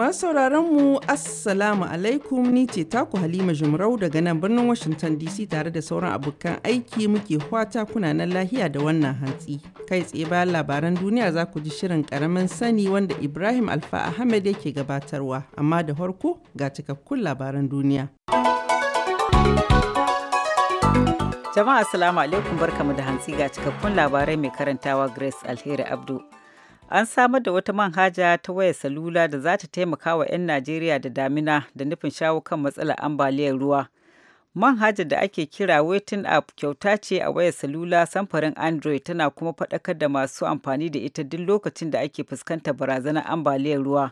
Masu sauraron mu Assalamu alaikum ni ce taku Halima Jumrau daga nan birnin Washington DC tare da sauran abokan aiki muke fata kuna na lahiya da wannan hantsi. Kai tsaye bayan labaran duniya za ku ji shirin karamin sani wanda Ibrahim Alfa Ahmed yake gabatarwa amma da farko ga cikakkun labaran duniya. Jama'a Assalamu alaikum barkamu da hantsi ga cikakkun labarai mai karantawa Grace Alheri Abdu. an samar da wata manhaja ta wayar salula da za ta taimaka wa 'yan Najeriya da damina da nufin shawo kan matsalar ambaliyar ruwa. Manhajar da ake kira Waiting App kyauta ce a wayar salula samfarin Android tana kuma faɗakar da masu amfani da ita duk lokacin da ake fuskanta barazanar ambaliyar ruwa.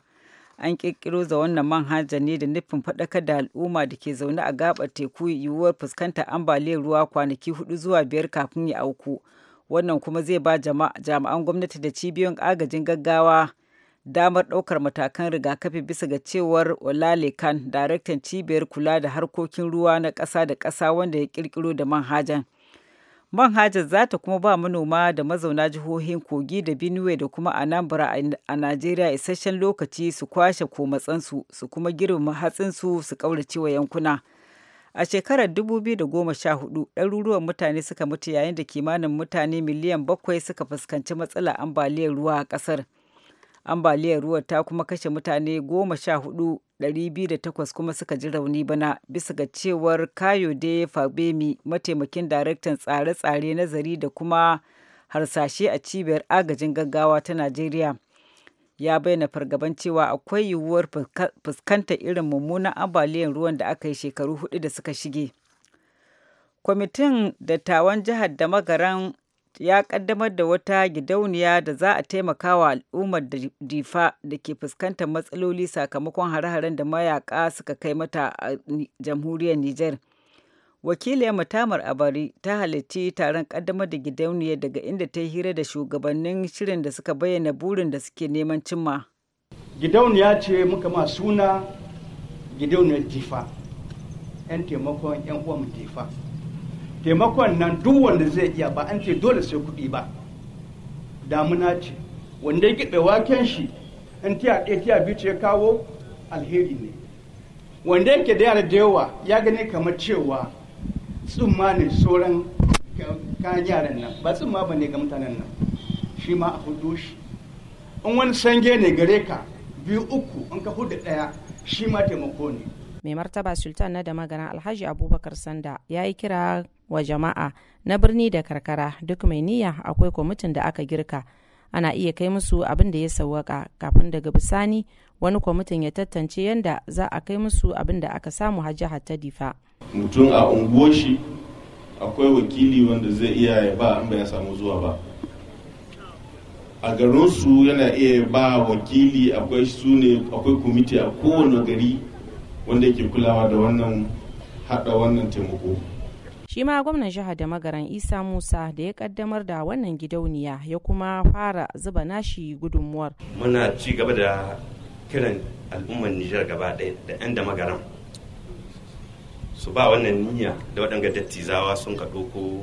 An ƙirƙiro za wannan manhaja ne da nufin faɗakar da al'umma da ke zaune a gaɓar teku yiwuwar fuskantar ambaliyar ruwa kwanaki hudu zuwa biyar kafin ya auku. wannan kuma zai ba jami'an gwamnati da cibiyoyin agajin gaggawa damar ɗaukar matakan rigakafi bisa ga cewar olalekan daraktan cibiyar kula da harkokin ruwa na ƙasa da ƙasa wanda ya ƙirƙiro da manhajan manhajar za ta kuma ba manoma da mazauna jihohin kogi da benue da kuma anambra a najeriya isasshen lokaci su kwashe komatsansu su kuma girma hatsinsu su ƙaurace wa yankuna A shekarar 2014, ɗaruruwan mutane suka mutu yayin da kimanin mutane miliyan bakwai suka fuskanci matsalar ambaliyar ruwa a ƙasar. Ambaliyar ruwa ta kuma kashe mutane goma kuma suka ji rauni bana bisa ga cewar Kayode Fabemi mataimakin daraktan tsare-tsare nazari da kuma harsashe a cibiyar agajin gaggawa ta Najeriya. ya bayyana fargaban cewa akwai yiwuwar fuskanta irin mummunan ambaliyar ruwan da aka yi shekaru hudu da suka shige. Kwamitin dattawan jihar da magaran ya kaddamar da wata gidauniya da za a taimaka wa al'ummar difa da ke fuskantar matsaloli sakamakon hare-haren da mayaka suka kai mata a jamhuriyar Nijar. wakiliya mutamar abari ta halarci taron kaddamar da gidauniya daga inda ta yi hira da shugabannin shirin da suka bayyana burin da suke neman cimma gidauniya ce muka ma suna gidauniyar difa 'yan taimakon 'yan uwan difa taimakon nan duk wanda zai iya ba an ce dole sai kuɗi ba damuna ce wanda ya waken shi in tiya ɗaya tiya biyu ce kawo alheri ne wanda yake da yawa ya gani kamar cewa tsumma ne sauran kayan yaran nan ba tsumma ba ne ga mutanen nan shi ma a hudu shi in wani sange ne gare ka biyu uku in ka hudu daya shi ma taimako ne mai martaba sultan na da magana alhaji abubakar sanda ya yi kira wa jama'a na birni da karkara duk mai niyya akwai kwamitin da aka girka ana iya kai musu abin da ya sauwaka kafin daga bisani wani kwamitin ya tantance yadda za a kai musu abin da aka samu hajji hatta difa mutum a unguwashi akwai wakili wanda zai iya ya ba an ya samu zuwa ba a garinsu yana iya ba wakili akwai su ne akwai kumiti a kowane gari wanda ke kulawa da wannan hada wannan taimako shi ma gwamnan jihar da magaran isa musa da ya kaddamar da wannan gidauniya ya kuma fara zuba nashi gudunmuwar muna ci gaba da kiran al'ummar nijar gaba da 'yan da magaran su ba wannan niyya da waɗanga dattizawa sun ka ɗauko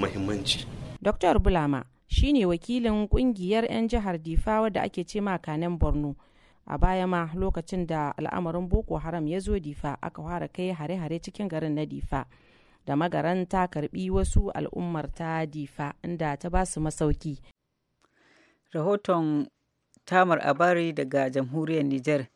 muhimmanci. Dr. Bulama shi ne wakilin ƙungiyar 'yan jihar Difawa da ake ce kanen Borno. A baya ma lokacin da al'amarin Boko Haram ya zo Difa aka fara kai hare-hare cikin garin na Difa. Da magaran ta karbi wasu al'ummar ta Difa inda ta ba su masauki. Rahoton Tamar Abari daga Jamhuriyar Nijar.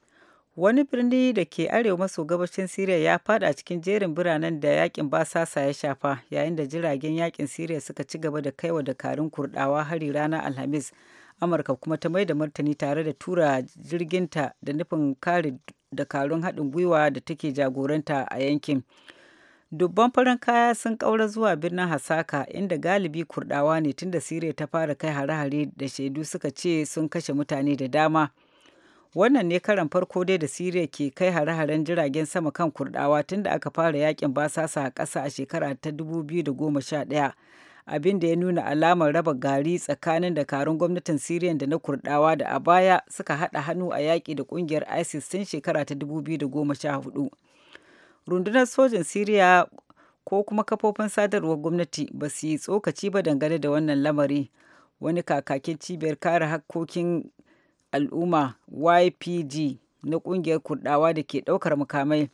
Wani birni da ke arewa maso gabashin Siriya ya fada cikin jerin biranen da yakin basasa ya shafa, yayin da jiragen yakin Siriya suka ci gaba da kaiwa dakarun Kurdawa hari ranar Alhamis, Amurka kuma ta mai da martani tare da tura jirginta da nufin kare dakarun haɗin gwiwa da take jagoranta a yankin. Dubban farin kaya sun ƙaura zuwa birnin Hasaka, inda galibi Kurdawa ne tunda Siriya ta fara kai hare-hare da shaidu suka ce sun kashe mutane da dama. wannan ne karan farko dai da siriya ke kai hare-haren jiragen sama kan kurdawa tun da aka fara yakin basasa a ƙasa a shekara ta 2011 abin da ya nuna alamar raba gari tsakanin dakarun gwamnatin siriya da na kurdawa da a baya suka haɗa hannu a yaƙi da ƙungiyar isis tun shekara ta 2014 rundunar sojin siriya ko kuma kafofin sadarwar gwamnati ba su yi tsokaci ba dangane da wannan lamari wani kakakin cibiyar kare hakkokin al'umma ypg na ƙungiyar kurɗawa da ke ɗaukar mukamai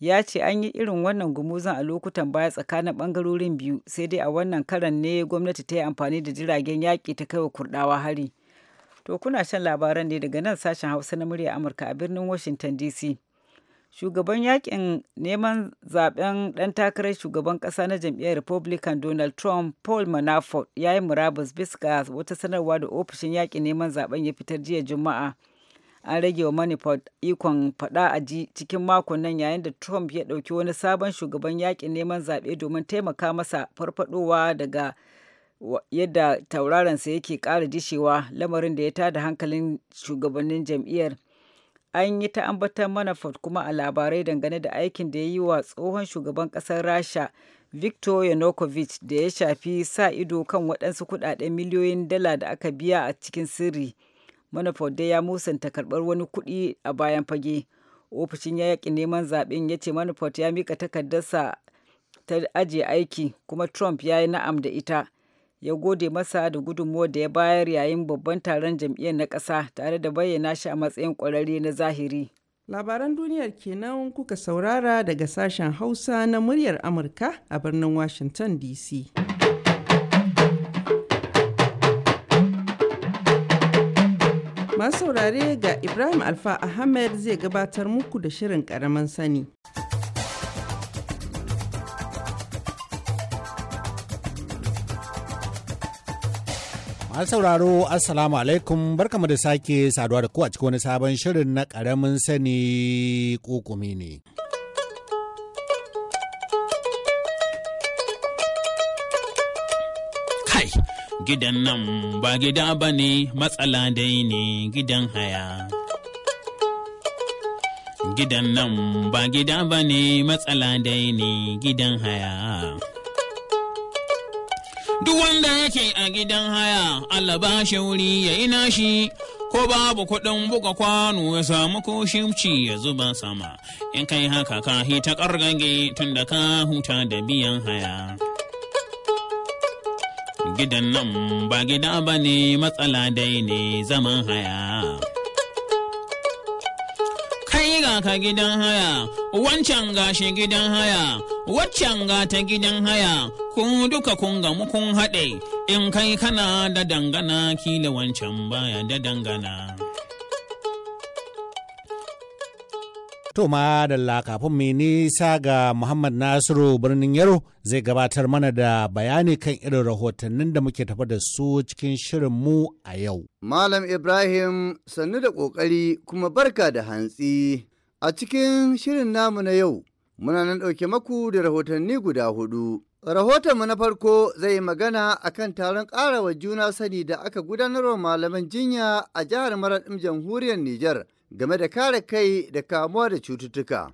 ya ce an yi irin wannan gumuzan a lokutan baya tsakanin ɓangarorin biyu sai dai a wannan karan ne gwamnati ta yi amfani da jiragen yaƙi ta kaiwa kurɗawa hari to kuna shan labaran ne daga nan sashen hausa na murya amurka a birnin washington dc shugaban yakin neman zaben dan takarar shugaban kasa na jam'iyyar republican donald trump paul manafort ya yi murabus bisa wata sanarwa da ofishin yakin neman zaben ya fitar jiya juma'a an rage wa manafort ikon fada a ji cikin makon nan yayin da trump ya ɗauki wani sabon shugaban yakin neman zaɓe domin taimaka masa farfadowa daga yadda tauraronsa yake ƙara dishewa lamarin da ya tada hankalin shugabannin jam'iyyar an yi ta ambatar manafort kuma a labarai dangane da aikin da ya yi wa tsohon shugaban ƙasar rasha victor yanukovych da ya shafi sa ido kan waɗansu kuɗaɗen miliyoyin dala da aka biya a cikin sirri manafort dai ya musanta karɓar wani kuɗi a bayan fage ofishin ya yaƙin neman zaɓen ya ce manafort ya mika takardarsa ta ajiye aiki kuma trump ya yi na'am da ita ya gode masa da gudunmuwar da ya bayar yayin babban taron jam'iyyar na ƙasa tare da bayyana shi a matsayin ƙwararre na zahiri. Labaran duniyar kenan kuka saurara daga sashen Hausa na muryar Amurka a birnin Washington DC. Masu saurare ga Ibrahim Alfa Ahmed zai gabatar muku da shirin karamin sani. Masu sauraro Assalamu alaikum barkamu da sake saduwa da ku a cikin wani sabon shirin na ƙaramin sani kokumi ne. Kai, gidan nan ba gida ba ne matsala dai ne gidan haya. Gidan nan ba gida ba ne matsala dai ne gidan haya. Duk wanda yake a gidan haya, Allah ba shi wuri ya ina shi, ko babu kuɗin buga kwano ya samu ko shimci ya zuba sama. In kai haka ka hita ƙargage tun da ka huta da biyan haya. Gidan nan ba gida ba ne matsala dai ne zaman haya. Kai ka gidan haya, wancan gashi gidan haya, waccan ga ta gidan haya, kun duka kun gamu kun haɗe in kai kana da dangana kila wancan baya da dangana. To da kafin mai nisa ga Muhammad Nasiru birnin Yaro zai gabatar mana da bayani kan irin rahotannin da muke tafa da su cikin shirin mu a yau. Malam Ibrahim sannu da ƙoƙari kuma barka da hantsi. A cikin shirin namu na yau, muna nan ɗauke maku da rahotanni guda hudu. Rahotonmu na farko zai magana a kan taron ƙarawa juna sani da aka gudanar wa malaman jinya a jihar Maraɗin jamhuriyar Nijar game da kare kai da kamuwa da cututtuka.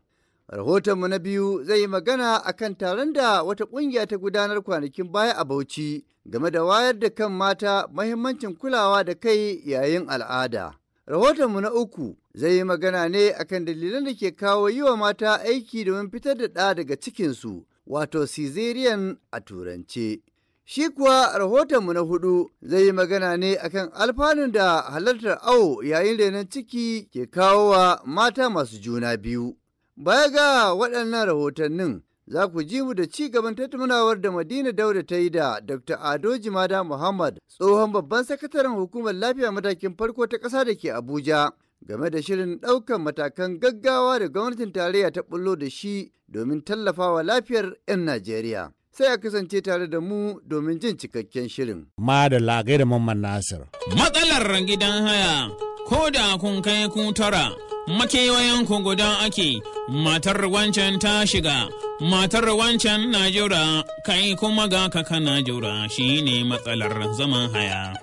Rahotonmu na biyu zai magana a kan taron da wata ƙungiya ta gudanar kwanakin baya a Bauchi game da wayar da kan mata mahimmancin kulawa da kai yayin al'ada. Rahotonmu na uku zai yi magana ne akan dalilan da ke kawo yi wa mata aiki domin fitar da ɗa daga cikinsu wato Caesarian a turance. Shi kuwa rahotonmu na hudu zai yi magana ne akan alfanun da halartar awo yayin renon ciki ke kawo wa mata masu juna biyu. Baya ga waɗannan rahotannin za ku ji mu da ci gaban tattaunawar da Madina Dauda ta yi da Dr. Ado Jimada Muhammad, tsohon babban sakataren hukumar lafiya matakin farko ta ƙasa da ke Abuja, game da shirin ɗaukan matakan gaggawa da gwamnatin tarayya ta bullo da shi domin tallafawa lafiyar 'yan Najeriya. Sai a kasance tare da mu domin jin cikakken shirin. Ma da lagai da Mamman Nasir. Matsalar gidan haya, ko da kun kai ku tara, makewayen ku guda ake, matar wancan ta shiga, matar wancan na jura, kai kuma ga kaka na jura, shi ne matsalar zaman haya.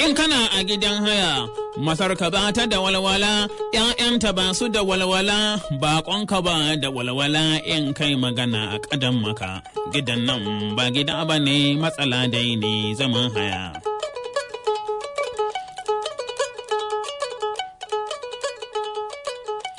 in kana a gidan haya masarka ba ta da walwala ‘ya'yanta ba su da walwala baƙonka ba da walwala in kai magana a ƙadan maka gidan nan ba gida ba ne matsala dai ne zaman haya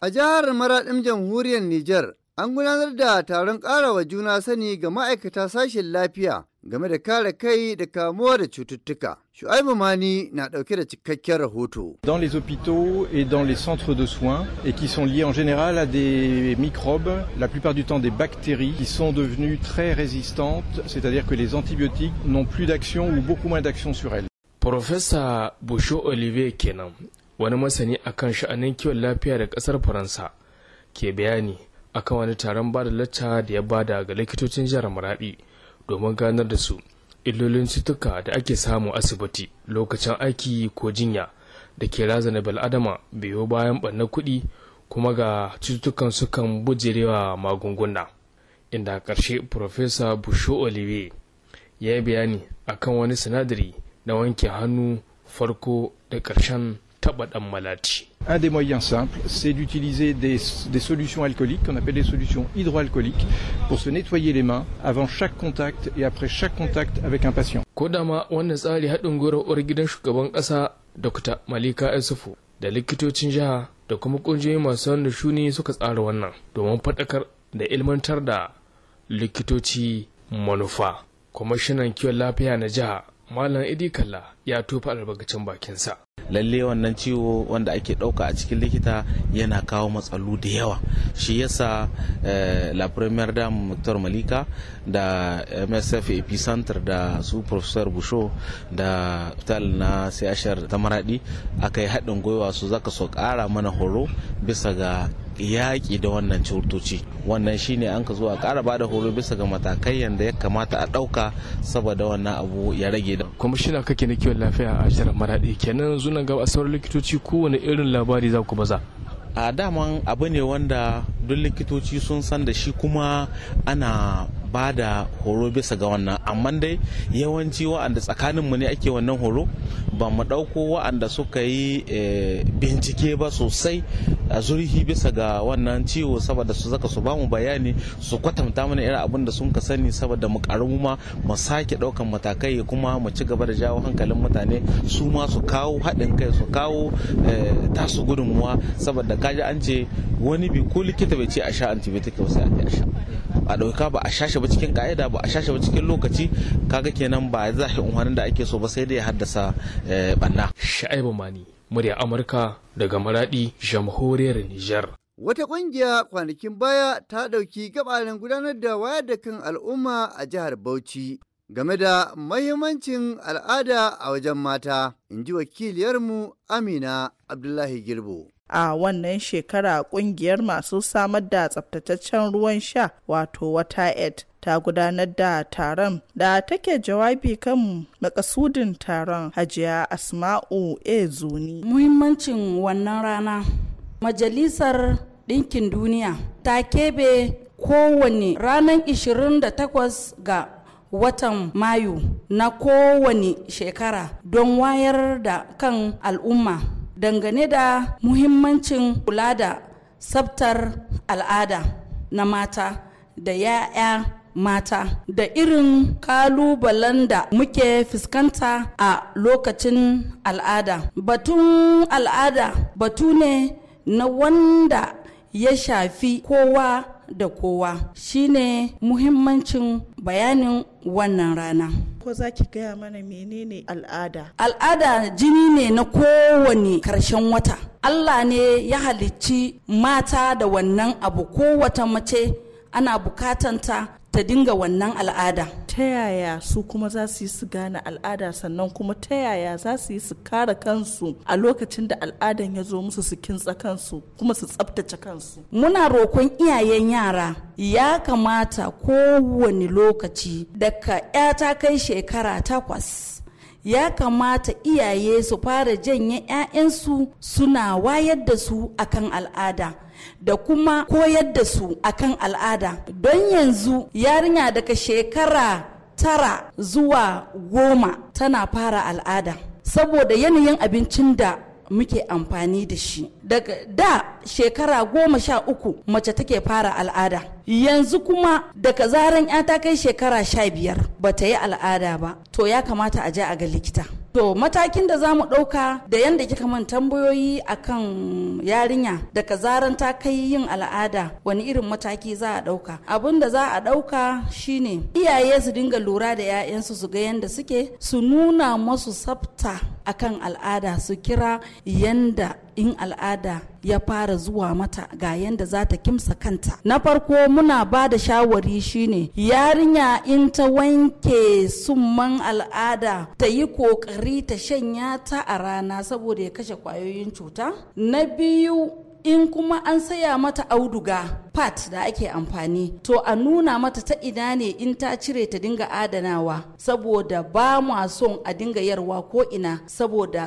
a jihar maraɗin jamhuriyar nijar An gudanar da taron ƙarawa juna sani ga ma'aikata sashen lafiya game da kare kai da kamuwa da cututtuka. Shu'aibu Mani na ɗauke da cikakken rahoto. Dans les hôpitaux et dans les centres de soins et qui sont liés en général à des microbes, la plupart du temps des bactéries qui sont devenues très résistantes, c'est-à-dire que les antibiotiques n'ont plus d'action ou beaucoup moins d'action sur elles. Professeur Bouchot Olivier kenan wani masani akan sha'anin kiwon lafiya da ƙasar Faransa ke bayani akan wani taron ba da lacca da ya bada ga likitocin jihar maraɗi domin ganar da su illolin cutuka da ake samu asibiti lokacin aiki ko jinya da ke razana bil'adama biyo bayan ɓanna kuɗi kuma ga cututtukan sukan bujirewa magunguna inda ƙarshe Profesa Busho Olive ya yi bayani akan wani sinadari na wanke hannu farko da ƙarshen taɓa malati. Un des moyens simples, c'est d'utiliser des, des, solutions alcooliques qu'on appelle des solutions hydroalcooliques pour se nettoyer les mains avant chaque contact et après chaque contact avec un patient. Kodama wannan tsari haɗin gwiwar gidan shugaban ƙasa Dr. Malika Isufu da likitocin jiha da kuma ƙungiyoyi masu wanda shuni suka tsara wannan domin faɗakar da ilmantar da likitoci manufa. Kwamishinan kiwon lafiya na jiha malam idi kalla ya tofa albarkacin bakinsa lalle wannan ciwo wanda ake ɗauka a cikin likita yana kawo matsalu da yawa shi yasa eh, la premier dam muktar malika da msf epicenter da su professor busho da tal na siyashar ta maradi aka yi haɗin gwiwa su zaka so ƙara mana horo bisa ga yaƙi da wannan cutoci wannan shine an ka zo a ƙara bada horo bisa ga matakai yadda ya kamata a ɗauka saboda wannan abu ya rage da kwamishina kake na kiwon lafiya a shirar maraɗi kenan zuwa ga likitoci kowane irin labari za ku baza a daman abu ne wanda sabbin likitoci sun san da shi kuma ana ba da horo bisa ga wannan amma dai yawanci wa'anda mu ne ake wannan horo ba mu ɗauko wa'anda suka yi eh, bincike ba sosai a zurhi bisa ga wannan ciwo saboda su zaka su ba mu bayani su kwatanta mana irin abin da sun ka sani saboda mu karu ma mu sake ɗaukan matakai kuma mu ci gaba da jawo hankalin mutane su ma su kawo haɗin kai su kawo eh, tasu gudunmuwa saboda kaji an ce wani bi ko likita bai ce a sha antibiotic ba sai a sha a ɗauka ba a sha ba cikin ka'ida ba a sha ba cikin lokaci kaga kenan ba za shi unhwanin da ake so ba sai dai ya haddasa banna eh, sha'ibu mani murya amurka daga maradi jamhuriyar niger Wata ƙungiya kwanakin baya ta ɗauki gabanin gudanar da wayar da kan al'umma a jihar Bauchi game da mahimmancin al'ada a wajen mata, in ji wakiliyarmu Amina Abdullahi Girbo. a wannan shekara kungiyar masu samar da tsaftataccen ruwan sha wato wata ed ta gudanar da taron da take jawabi kan makasudin taron hajiya asma'u e zuni muhimmancin wannan rana majalisar ɗinkin duniya ta keɓe kowane ranar 28 ga watan mayu na kowane shekara don wayar da kan al'umma dangane da muhimmancin kula da tsabtar al'ada na mata da 'ya'ya mata da irin kalubalen da muke fuskanta a lokacin al'ada. Batun al'ada batu ne na wanda ya shafi kowa da kowa shine muhimmancin bayanin wannan rana. Ko za ki gaya mana menene al'ada? Al'ada jini ne na kowane karshen wata. Allah ne ya halicci mata da wannan abu ko wata mace ana bukatanta ta dinga wannan al'ada ta yaya su kuma za su yi su gane al'ada sannan kuma ta yaya za su yi su kare kansu a lokacin da al'adan ya zo musu su kintsa kansu kuma su tsabtace kansu muna rokon iyayen yara ya kamata kowane lokaci daga 'ya ta kai shekara takwas ya kamata iyaye su fara janye 'ya'yansu suna wayar da su akan al'ada da kuma koyar da su akan al'ada don yanzu yarinya daga shekara tara zuwa goma tana fara al'ada saboda yanayin abincin da muke amfani da shi daga da shekara goma sha uku mace take fara al'ada yanzu kuma daga zaran ya ta kai shekara sha biyar ba ta yi al'ada ba to ya kamata a je a ga likita To matakin da za mu ɗauka da yadda kika man tambayoyi a kan yarinya daga zaran ta kai yin al'ada wani irin mataki za a ɗauka. abun da za a ɗauka shine iyaye su dinga lura da 'ya'yansu su ga yadda suke su nuna masu tsafta akan al'ada su kira yanda in al'ada ya fara zuwa mata ga yanda za ta kimsa kanta na farko muna ba da shawari shine yarinya in ta wanke summan al'ada ta yi kokari ta shanya ta a rana saboda ya kashe kwayoyin cuta na biyu in kuma an saya mata auduga pat da ake amfani to a nuna mata ta ina ne in ta cire ta dinga adanawa saboda ba ma son a dinga yarwa ko ina saboda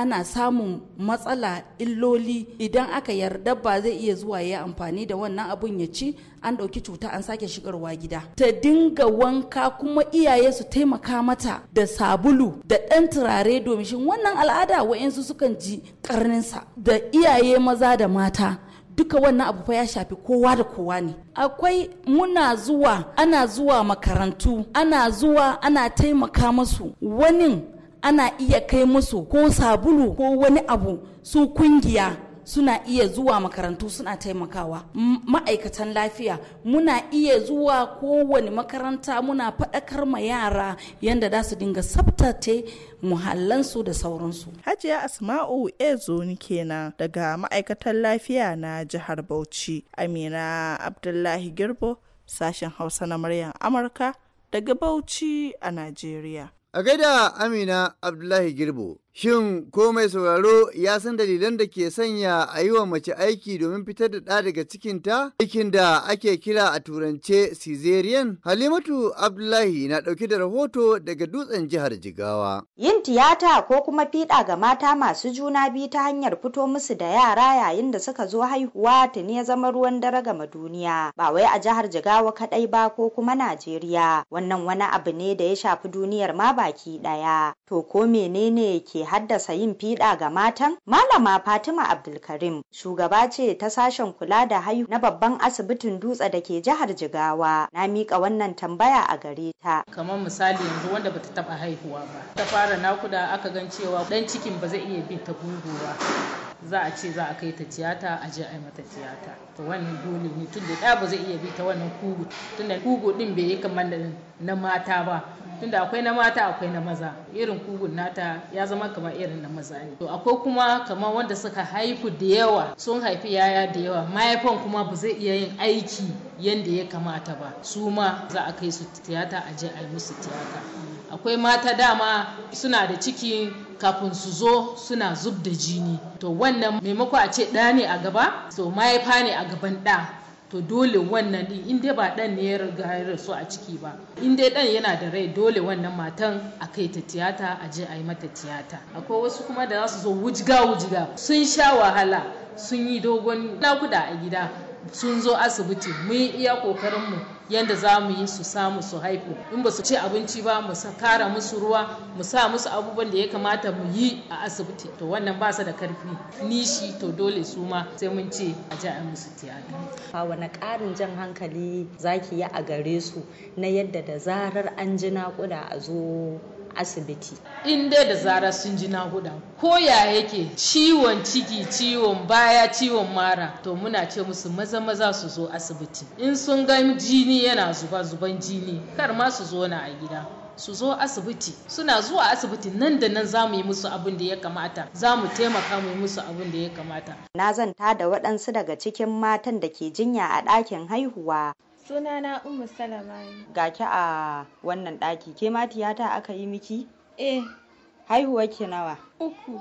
ana samun matsala illoli idan aka yarda ba zai iya zuwa ya amfani da wannan abun ya ci an ɗauki cuta an sake shigarwa gida ta dinga wanka kuma iyaye su taimaka mata da sabulu da ɗan turare domin wannan al'ada wa'yansu sukan ji ƙarninsa da iyaye maza da mata duka wannan abu fa ya shafi kowa da kowa ne akwai muna zuwa ana zuwa makarantu ana zuwa ana taimaka musu wani ana iya kai musu ko sabulu ko wani abu su kungiya suna iya zuwa makarantu suna taimakawa ma'aikatan lafiya muna iya zuwa kowane makaranta muna faɗakar ma yara yadda za su dinga tsaftace muhallansu da sauransu. Hajiya Asma'u ezo kenan daga ma'aikatan lafiya na jihar Bauchi. Amina Abdullahi Girbo, sashen Hausa na muryar Amurka daga Bauchi a Najeriya. A gaida Amina Abdullahi Girbo. Shin ko mai sauraro ya san dalilan da ke sanya a yi wa mace aiki domin fitar da ɗa daga cikinta? Aikin da ake kira a turance Caesarean? Halimatu Abdullahi na ɗauki da rahoto daga dutsen jihar Jigawa. Yin tiyata ko kuma fiɗa ga mata masu juna biyu ta hanyar fito musu da yara yayin da suka zo haihuwa tuni ya zama ruwan dare ga duniya. Ba wai a jihar Jigawa kaɗai ba ko kuma Najeriya. Wannan wani abu ne da ya shafi duniyar ma baki ɗaya. To ko menene ke haddasa yin fiɗa ga matan? Malama Fatima Abdulkarim shugaba ce ta sashen kula da hayu na babban asibitin dutse da ke jihar Jigawa. Na miƙa wannan tambaya a gare ta. Kamar misali yanzu wanda bata taɓa haihuwa ba. Ta fara nakuda aka gan cewa ɗan cikin ba zai iya bin ta gungu ba. za a ce za a kai ta tiyata a je a yi mata tiyata to wannan dole ne tun da ba zai iya bi ta wannan kugu tun da kugu din bai yi kamar da na mata ba tunda akwai na mata akwai na maza irin kugun nata ya zama kamar irin na maza ne to akwai kuma kamar wanda suka haifu da yawa sun haifi yaya da yawa mahaifan kuma ba zai iya yin aiki yadda ya kamata ba su ma za a kai su tiyata a je a yi musu tiyata akwai mata dama suna da ciki kafin su zo suna zub da jini to wannan maimako a ce ɗa ne a gaba to mahaifa ne a gaban ɗa to dole wannan din in dai ba dan ne ya riga ya rasu a ciki ba in dai dan yana da rai dole wannan matan a kai ta tiyata a je a yi mata tiyata akwai wasu kuma da za su zo wujga wujga sun sha wahala sun yi dogon nakuda a gida sun zo asibiti mun yi iya mu yadda za mu yi su samu su haifu in ba su ci abinci ba mu kara musu ruwa mu sa musu abubuwan da ya kamata mu yi a asibiti to wannan ba su da karfi nishi to dole su ma sai mun ce a ji an musu tiyata. a wani ƙarin jan hankali zaki yi a gare su na yadda da zarar an ji naƙuda a zo asibiti in dai da zara sun ji nakuda ko ya yake ciwon ciki ciwon baya ciwon mara to muna ce musu maza maza su zo asibiti in sun ga jini yana zuba zuban jini kar ma su zo na a gida su zo asibiti suna zuwa asibiti nan da nan za mu yi musu abin da ya kamata za mu taimaka mu yi musu abin da ya kamata na zanta da waɗansu daga cikin matan da ke jinya a ɗakin haihuwa Sunana Ummu Salama ne. Ga a wannan ɗaki, ke ma tiyata aka yi miki? Eh. Haihuwa ke nawa? Uku.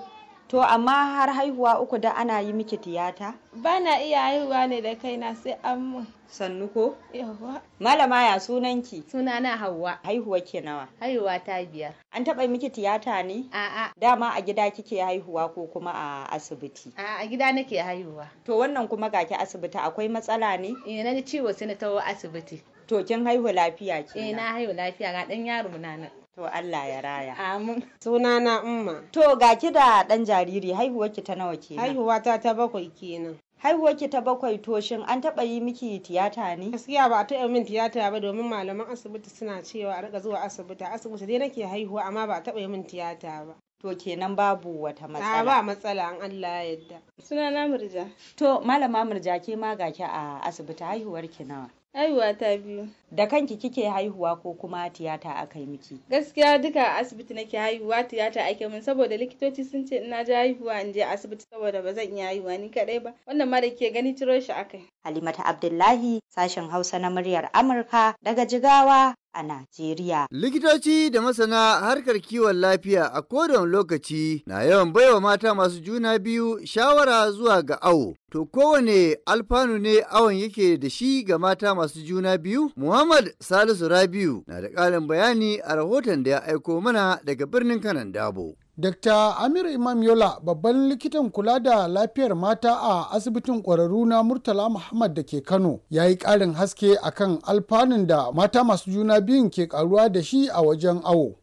To amma har haihuwa uku da ana yi miki tiyata? Ba na iya haihuwa ne da kaina sai an mun. Sannu ko? Yawa. Malama ya sunanki? Sunana Hauwa. Haihuwa ke nawa? Haihuwa ta biyar. An taɓa miki tiyata ne? A'a. Dama a gida kike haihuwa ko kuma a asibiti? A'a a gida nake haihuwa. To wannan kuma gaki asibiti akwai matsala ne? Eh na ji ciwo sai na tawo asibiti. To kin haihu lafiya ke? Eh na haihu lafiya ga ɗan yaro na nan. To Allah ya raya. Amin. na Umma. To ga ki da ɗan jariri haihuwar ki ta nawa kenan? Haihuwa ta ta bakwai kenan. Haihuwar ki ta bakwai to shin an taɓa yi miki tiyata ne? Gaskiya ba a taɓa min tiyata ba domin malaman asibiti suna cewa a rika zuwa asibiti. Asibiti dai nake haihuwa amma ba a taɓa yi min tiyata ba. To kenan babu wata matsala. ba matsala an Allah ya yarda. na Murja. To malama Murja ke ma ga ki a asibiti haihuwar ki nawa? Haihuwa ta biyu. da kanki kike haihuwa ko kuma tiyata a kai miki gaskiya duka asibiti nake haihuwa tiyata ake mun saboda likitoci sun ce ina ji haihuwa in je asibiti saboda ba zan iya haihuwa ni kadai ba wannan ma da ke gani ciro shi akai halimata abdullahi sashen hausa na muryar amurka daga jigawa a Najeriya. Likitoci da masana harkar kiwon lafiya a kodon lokaci na yawan baiwa mata masu juna biyu shawara zuwa ga awo. To kowane alfanu ne awon yake da shi ga mata masu juna biyu? Muhammad Salisu Rabiu na da ƙarin bayani a rahoton da ya aiko mana daga birnin kanan dabo. Dr. Amir Imam Yola babban likitan kula da lafiyar mata a asibitin ƙwararru na Murtala Muhammad da ke Kano ya yi ƙarin haske akan alfanun da mata masu juna biyun ke ƙaruwa da shi a wajen awo.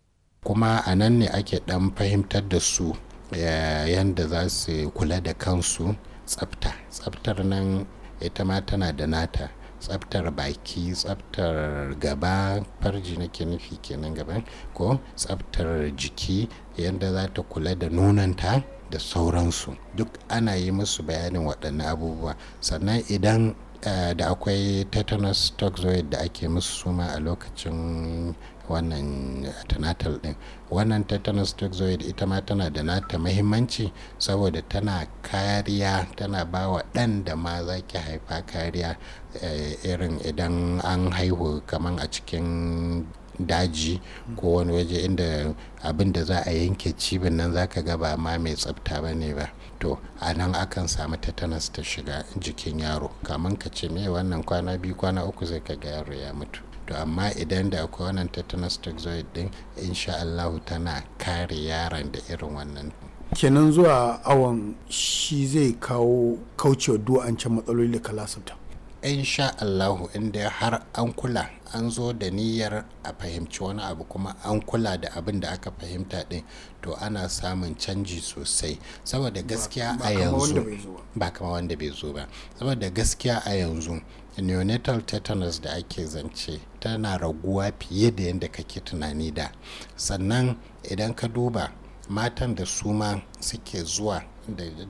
Kuma a nan ne ake ɗan fahimtar da su eh, yadda za su kula da kansu tsafta. Tsaftar nan ita ma tana da nata. tsabtar baki tsabtar gaba farji nake nufi kenan gaba ko tsabtar jiki yadda za ta kula da nunanta da sauransu duk ana yi musu bayanin waɗannan abubuwa sannan idan Eh, da akwai tetanus toxoid da ake musu suma a lokacin wannan tanatal din wannan tetanus toxoid ita ma tana da nata mahimmanci saboda tana kariya tana ba wa ɗan da ma za ki haifa kariya eh, irin idan an haihu kaman a cikin daji ko wani waje inda abin da za a yanke cibin nan za ka gaba ma mai tsafta ba ne ba to a nan akan samu tetanus ta shiga jikin yaro kamun ka ce me wannan kwana biyu kwana uku zai ga yaro ya mutu to amma idan da akwai wannan tetanus toxoid din insha Allah tana kare yaron da irin wannan kenan zuwa awon shi zai kawo kaucewa can matsaloli da kalasubta insha Allahu inda har an kula an zo da niyyar a fahimci wani abu kuma an kula da abin da aka fahimta din to ana samun canji sosai saboda gaskiya a yanzu ba kama wanda bai zo ba saboda gaskiya a yanzu neonatal tetanus da ake zance tana raguwa fiye da yadda kake tunani da sannan idan ka duba matan da su ma suke zuwa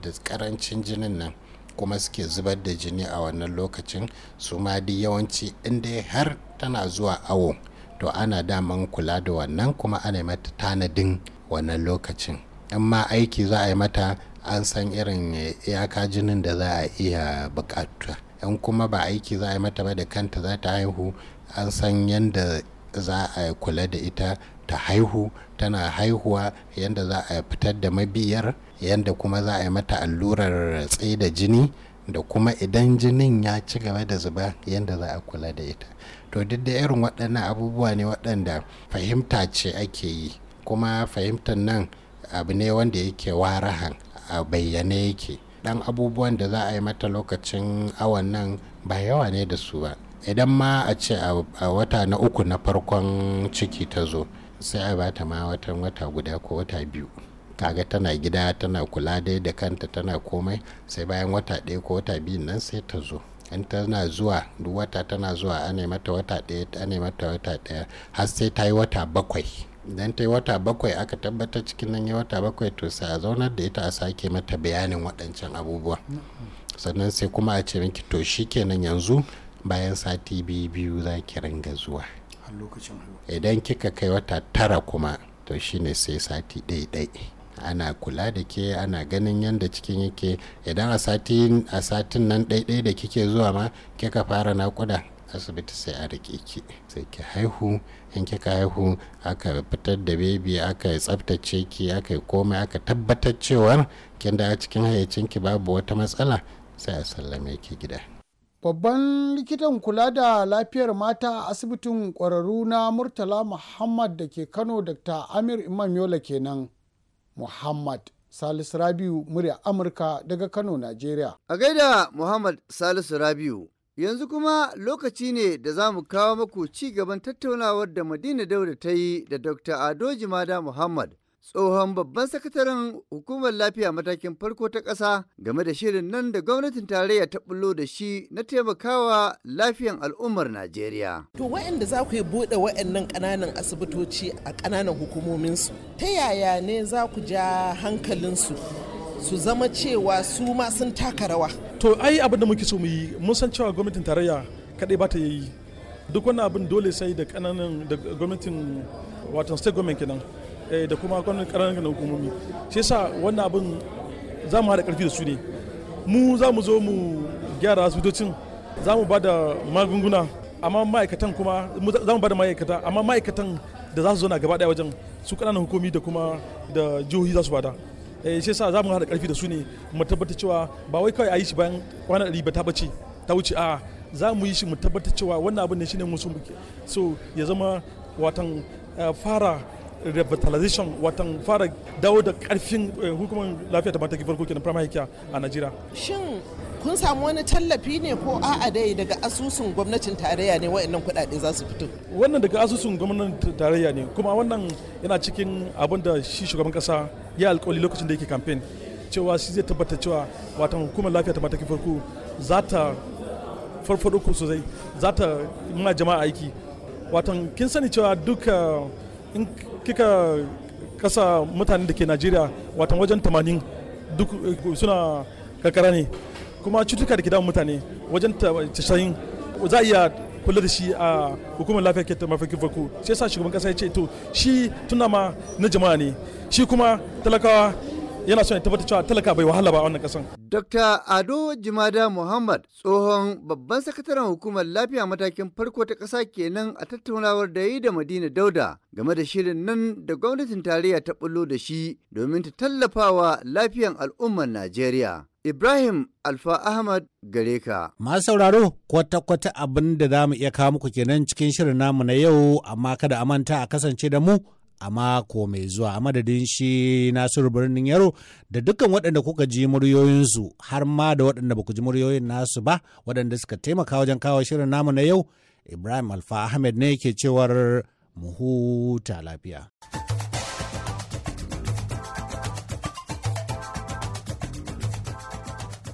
da karancin jinin nan kuma suke zubar da jini a wannan lokacin su ma dai yawanci inda har tana zuwa awo to ana daman kula da wannan kuma ana mata tanadin wannan lokacin in ma aiki za a yi mata an san irin iyaka jinin da za a iya bukatuwa in kuma ba aiki za a yi mata ba da kanta za ta haihu an san yadda za a kula da ita ta haihu tana haihuwa yadda za a fitar da mabiyar yadda kuma za a yi mata allurar tsaida jini da kuma idan jinin ya ci gaba da zuba yadda za a kula da ita to duk da irin waɗannan abubuwa ne waɗanda fahimta ce ake yi kuma fahimtar nan abu ne wanda yake warahan a bayyane yake Ɗan abubuwan da za a yi mata lokacin awan nan ba yawa ne da su ba idan ma a ce a wata na uku na farkon ciki ta zo sai a bata ma watan wata guda ko wata biyu kaga tana gida tana kula dai da kanta tana komai sai bayan wata ɗaya ko wata biyu nan sai ta zo in tana zuwa duk wata tana zuwa ana mata wata ɗaya ana mata wata ɗaya har sai ta yi wata bakwai idan ta yi wata bakwai aka tabbatar cikin nan yi wata bakwai to sai a zaunar da ita a sake mata bayanin waɗancan abubuwa sannan sai kuma a ce miki to shi kenan yanzu bayan sati biyu biyu za ki ringa zuwa idan kika kai wata tara kuma to shine sai sati ɗaya ɗaya ana kula da ke ana ganin yadda cikin yake idan a satin nan ɗaiɗai da kike zuwa ma kika fara naƙuda asibiti sai a riƙe ki sai ki haihu in kika haihu aka fitar da bebi aka tsaftace ki aka yi komai aka tabbatar cewa kin da cikin hayyacinki babu wata matsala sai a sallame ki gida babban likitan kula da lafiyar mata a asibitin kwararru na murtala muhammad da ke kano dr amir imam yola kenan Muhammad Salisu Rabiu murya Amurka daga Kano, Najeriya. A gaida Muhammad Salisu Rabiu, yanzu kuma lokaci ne da za mu kawo maku ci gaban tattaunawar da Madina Dauda ta yi da Dr. Ado Jimada Muhammad tsohon babban sakataren hukumar lafiya matakin farko ta ƙasa game da shirin nan da gwamnatin tarayya ta bullo da shi na taimakawa lafiyan al'ummar Najeriya. To wa'inda za ku yi buɗe wa'annan ƙananan asibitoci a ƙananan hukumominsu, ta yaya ne za ku ja hankalinsu su zama cewa su ma sun taka rawa? To ai abin da muke so mu yi mun san cewa gwamnatin tarayya kaɗai ba ta yi duk wani abin dole sai da ƙananan da gwamnatin watan state government kenan Eh, da kuma ƙananan hukumomi shi yasa wannan abin za mu haɗa ƙarfi da su ne mu za mu zo mu gyara asibitocin za mu ba da magunguna amma ma'aikatan kuma za mu ba da ma'aikata amma ma'aikatan da za su zauna gaba ɗaya wajen su ƙananan hukumi da kuma da jihohi za su bada eh, shi yasa za mu haɗa ƙarfi da su ne mu tabbatar cewa ba wai kawai a yi shi bayan kwana ɗari ba ta bace ta wuce a za mu yi shi mu tabbatar cewa wannan abin ne shine musu so ya zama watan eh, fara revitalization watan fara dawo da karfin eh, hukumar lafiya ta mata farko kenan primary care a Najeriya. Shin kun samu wani tallafi ne ko a'a dai daga asusun gwamnatin tarayya ne wa'annan kuɗaɗe za su fito? Wannan daga asusun gwamnatin tarayya ne kuma wannan yana cikin abin da shi shugaban kasa ya alkawali lokacin da yake campaign cewa shi zai tabbata cewa watan hukumar lafiya ta mata farko za ta farfado ku sosai za ta ma jama'a aiki watan kin sani cewa duka in kika kasa mutanen da ke najeriya watan wajen tamanin duk eh, suna karkara ne kuma cutuka da ke damun mutane wajen tashayin za a iya kula da shi a hukumar lafiya ke mafarki farko sai sa shugaban kasa ya ce to shi tunama na jama'a ne shi kuma talakawa yana son ya tabbatar cewa talaka bai wahala ba a wannan kasan. Dr. Ado Jimada Muhammad tsohon babban sakataren hukumar lafiya matakin farko ta ƙasa kenan a tattaunawar da yi da Madina Dauda game da shirin nan da gwamnatin tarayya ta bullo da shi domin ta tallafawa lafiyan al'ummar Najeriya. Ibrahim Alfa Ahmad Gareka. ma Masu sauraro kwata-kwata abin da za mu iya kawo muku kenan cikin shirin namu na yau amma kada a manta a kasance da mu a mako mai zuwa a madadin shi nasiru birnin yaro da dukkan waɗanda kuka ji muryoyinsu har ma da waɗanda ba ku ji muryoyin nasu ba waɗanda suka taimaka wajen kawo shirin namu na yau ibrahim alfa ahmed ne ke cewar mu huta lafiya.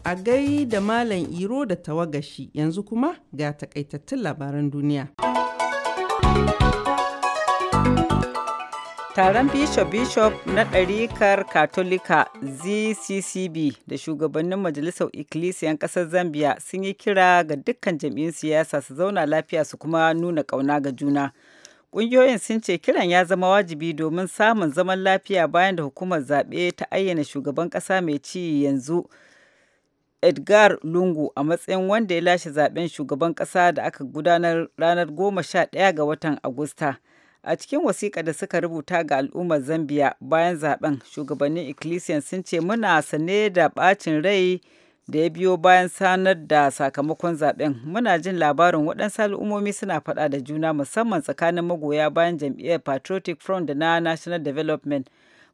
a gai da Malam Iro da tawagashi yanzu kuma ga takaitattun labaran duniya. taron bishop-bishop na ɗarikar katolika zccb da shugabannin majalisar ikkilisiyan ƙasar zambia sun yi kira ga dukkan jam'iyyun siyasa su zauna lafiya su kuma nuna ƙauna ga juna ƙungiyoyin sun ce kiran ya zama wajibi domin samun zaman lafiya bayan da hukumar zaɓe ta ayyana shugaban ƙasa mai ci yanzu edgar lungu a matsayin wanda ya lashe zaɓen shugaban ƙasa da aka gudanar ranar goma sha ɗaya ga watan agusta. a cikin wasiƙa da suka rubuta ga al'ummar zambia bayan zaben shugabannin ecclesian sun ce muna sane da bacin rai da ya biyo bayan sanar da sakamakon zaben muna jin labarin waɗansu al'ummomi suna faɗa da juna musamman tsakanin magoya bayan jam'iyyar patriotic front da na national development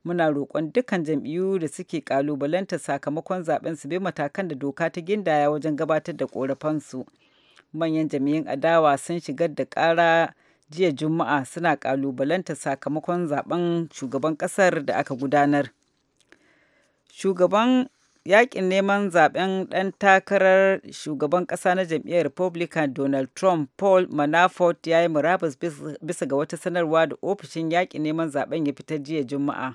muna roƙon dukkan jam'iyyu da suke ƙalubalanta sakamakon zaben su bi matakan da doka ta gindaya wajen gabatar da ƙorafansu manyan jam'iyyun adawa sun shigar da ƙara jiya Juma'a suna kalubalanta sakamakon zaben shugaban kasar da aka gudanar. Shugaban yakin neman zaben ɗan takarar shugaban ƙasa na jam'iyyar Republican Donald Trump Paul Manafort ya yi murabus bisa ga wata sanarwa da ofishin yakin neman zaben ya fita jiya Juma'a.